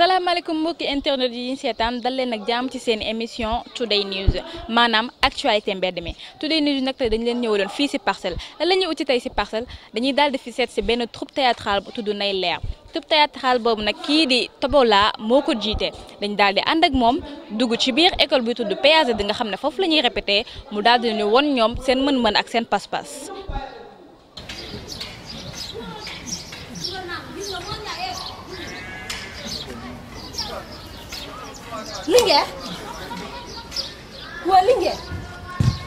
Salam mbok internet yi ñu dal ak ci émission Today News manam actualité mbedd Today News nak tay dañ leen fi parcelle Nous uti tay ci parcelle dañuy théâtrale fi ci ben troupe théâtrale bu Nay troupe théâtrale bobu nak ki di Tobola moko jité dañ di ak ci biir école bu tuddu PAG di nga fofu lañuy répéter, mu ñu won ñom seen ak linge, wa linge,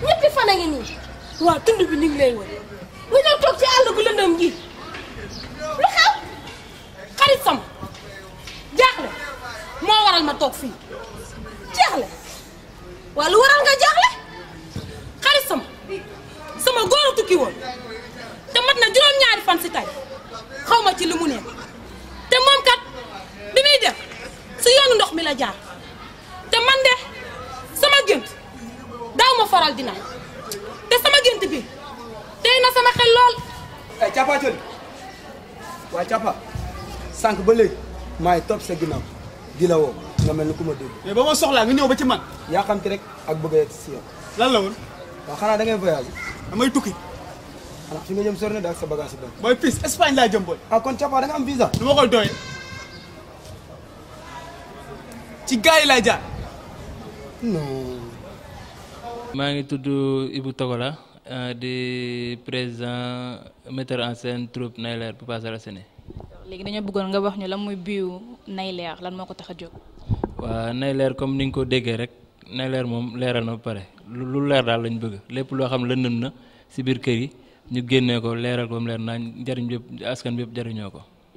ñëppi fan a ngi nii waa tund bi ni ngi lay wër nga ñëw toog ci àll gu lëndëm gi lu xew xarit sama jaaxle moo waral ma toog fii jaaxle waa lu waral nga jaaxle xarit sama sama tukki woon te mat na juróom-ñaari fan si tey xaw ci li mu nekk te moom kat bi muy def si yoonu ndox mi la jaar dal dina te sama gént bi tey na sama xel lol ay eh, capa jël wa capa sank ba lay may top sa ginnaaw di la woo nga melni kuma ku dégg mais bama soxla nga ñëw ba ci man ya xam ci rek ak bëgg a si yow lan la woon wa xana da ngay voyage damay tukki xanaa ci nga jëm sori sa bagage ba booy fils Espagne la jëm booy ah kon chapa da nga am visa duma ma koy doyee ci gaay la jaar non maa ngi tudd Ibou Togola eh, di président metteur en scène troupe Nayler Papa Saraceni. léegi dañoo bëggoon nga wax ñu lan muy biu Nayler lan moo ko tax a jóg. waa Nayler comme ni nga ko déggee rek Nayler moom leeral na ba pare lu leer daal lañ bëgg lépp loo xam lëndëm na si biir kër yi ñu génnee ko leeral ko mu leer naa njariñ bépp askan bépp jariñoo ko.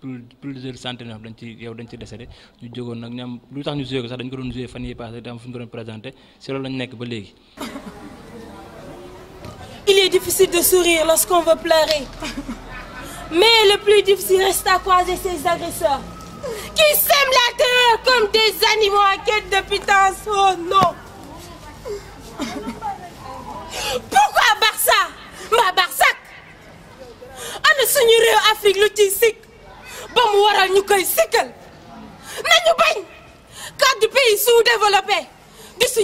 plus plusieurs centaines yoo xam dañ ci yow dañ ci décédé ñu jógoon nag ñoom lu tax ñu joué ko sax dañ ko doon joué fan yii passé daam fu ñu ko doon il est difficile de sourire lorsqu'on veut pleurer mais le plus difficile reste à croiser ces agresseurs qui sèment la terreur comme des animaux à quête de putain. oh non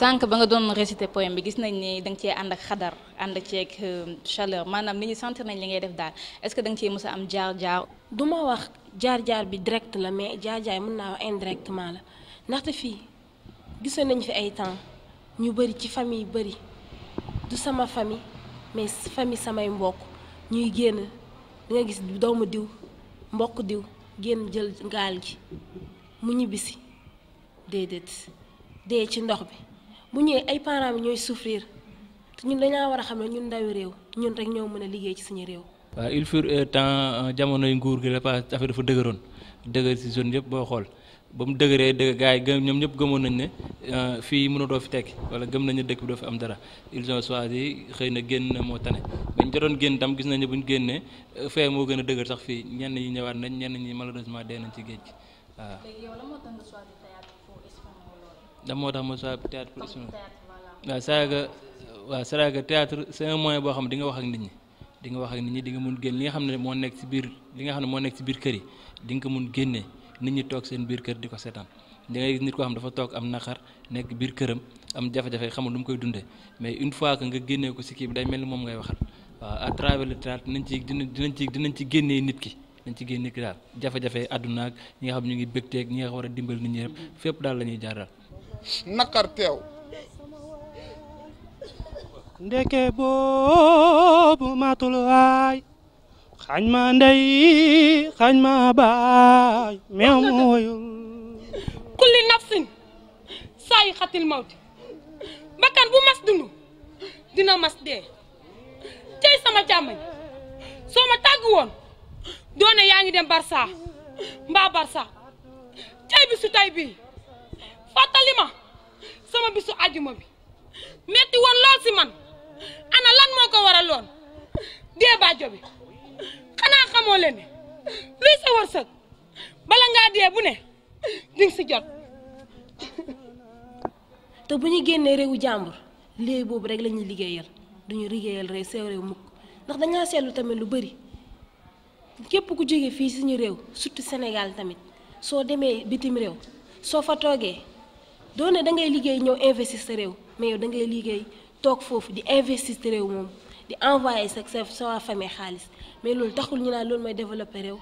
sànq ba nga doon récité poème bi gis nañ ni da nga cee ànd ak xadar ànd ceeg euh, chaleur maanaam nit ñi sentir nañ li ngay def daal est-ce que da nga cee musa am jaar-jaar. du ma wax jaar-jaar bi direct la mais jaar-jaar yi mën naa wax indirectement la ndaxte fii gisoon nañ fi ay temps ñu bëri ci famille yu bëri du sama famille mais famille samay mbokk ñuy génn di nga gis doomu diw mbokk diw génn jël gaal gi mu ñibbisi déedéet dee ci ndox bi. bu ñëwee ay parents bi ñooy souffrir te ñun dañaa war a xam ne ñun ndawi réew ñun rek ñoo mën a liggéey ci suñu réew. waaw il fut euh, temps euh, jamonoy nguur gi la parce que affaire dafa dëgëroon dëgër ci zone yëpp boo xool ba mu dëgëree dëgg gars yi gëm ñoom ñëpp gëmoon nañ ne euh, fii mënatoo fi tekki wala gëm nañ ne dëkk bi doo fi am dara ils ont choisi xëy na génn moo tane ba ñu jotoon génn tam gis nañ ne bu ñu génnee fee moo gën a dëgër sax fii ñenn ñi ñëwaat nañ ñenn ñi malheureusement dee nañ ci géej gi waaw. da moo tax ma soit théâtre plus waaw saa ga waaw saa ga théâtre c'est un moyen boo xam di nga wax ak nit ñi di nga wax ak nit ñi di nga mun génn li nga xam ne moo nekk ci bir li nga xam ne moo ci biir kër yi di nga ko mun génnee nit ñi toog seen biir kër di ko seetaan da nit koo xam dafa toog am naqar nekk bir këram am jafe-jafe xamul lu mu koy dundee mais une fois que nga génnee ko si kii bi day mel ni moom ngay waxal waaw à travers le théâtre dinañ ci dinañ ci dinañ ci génnee nit ki dañ ci génne ki ak ñi nga xam ñu ngi ñi nga dimbal nit ñi fépp jaaral naqar teew ndeke boobu matul waay xañ ma ndey xañ ma baay kulli nafsin saayi xatil maut. bakkan bu mas dina mas dee Cai sama jàmmañ soma ma tàgg woon doone dem barsa mbaa barsa tey bi su tey fàttali ma sama bisu àjjuma bi metti woon lool si man ana lan moo ko waraloon dee bàjjo bi xanaa xamoo leen luy sa wërsëg bala ngaa dee bu ne dinga si jot te bu ñu génnee réewu jàmbur léegi boobu rek lañuy ñuy liggéeyal duñu liggéeyal rek sew réew mukk ndax dañaa seetlu tamit lu bari képp ku jóge fii suñu réew surtout senegal tamit soo demee bitim réew soo fa toogee doo ne da ngay liggéey ñëw investir sa réew mais yow da ngay liggéey toog foofu di investir réew moom di envoyé sa sa famille xaalis mais loolu taxul ñu naan loolu mooy développé réew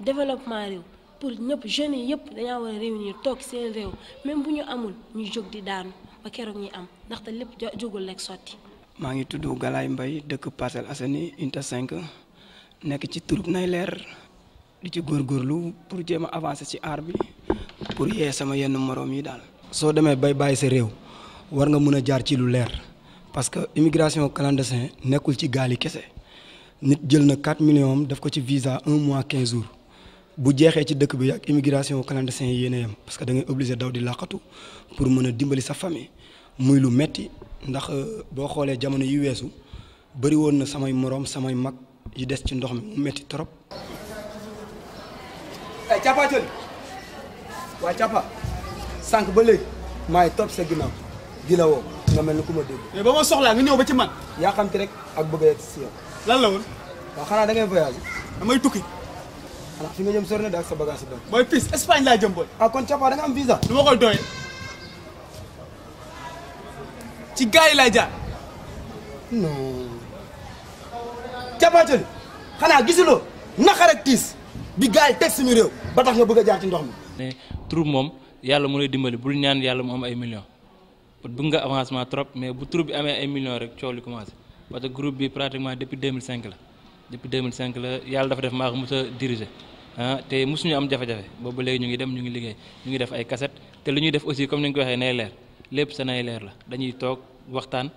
développement réew pour ñëpp jeunes yi yëpp dañaa war a ñu toog seen réew même bu ñu amul ñu jóg di daanu ba keroog ñuy am ndaxte lépp jógul rek sotti. maa ngi tudd galay mbay dëkk Parcelles Assainies unité 5 nekk ci troupe nay leer di ci lu pour jéem a avancer ci art bi pour yee sama yenn moroom yi daal. soo demee bay bàyyi sa réew war nga mën a jaar ci lu leer parce que immigration clandestin nekkul ci gaal yi kese nit jël na 4 millions def ko ci visa un mois 15 jours bu jeexee ci dëkk bi ak immigration clandestin yi yéen a yem parce que da ngay obligé daw di làqatu pour mën a dimbali sa famille muy lu metti ndax euh, boo xoolee jamono yi weesu bëri woon na samay moroom samay mag yi des ci ndox mi mu metti trop. Eh, waaw sank ba léegi may top sa ginnaaw di la woo nga melni kuma deg ma bama soxla nga ñew ba ci man. ya xam te rek ak bëgg a ci yow. lan la won waaw xana da ngay voyage. damay tukki. ala fi nga jëm sorna da ak sa bagage ba. mooy fils Espagne la jëm booy. ah kon Capa da nga am visa. duma ko doy ci gaay la laay jaar. non. Capa Thioly xanaa gisuloo naqar ak tiis bi gaay tek suñu rew ba tax nga bëgg jaar ci ndox mi. ne trou mom yalla mo lay dimbali bul ñaan yalla mo am ay millions bëgg nga avancement trop mais bu troupe bi amé ay millions rek coow li commencé parce que groupe bi pratiquement depuis 2005 la depuis 2005 la yalla dafa def ma ko mos diriger diriger té musu ñu am jafé jafe boobu légui ñu ngi dem ñu ngi liggéey ñu ngi def ay cassette té lu ñuy def aussi comme ñu ngi waxé né lèr lépp sa nay lèr la dañuy tok waxtaan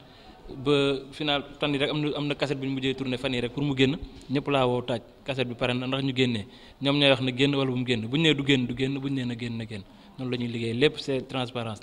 ba final fan yi rek amna amna cassette bi mujjé tourner tourné fan yi rek pour mu génn ñepp la wo taaj cassette bi paré ndax ñu génné ñom ñoy wax na génn wala bu mu génn bu né du génn du génn bu né na génn na génn noonu la ñuy liggéey lépp c'est transparence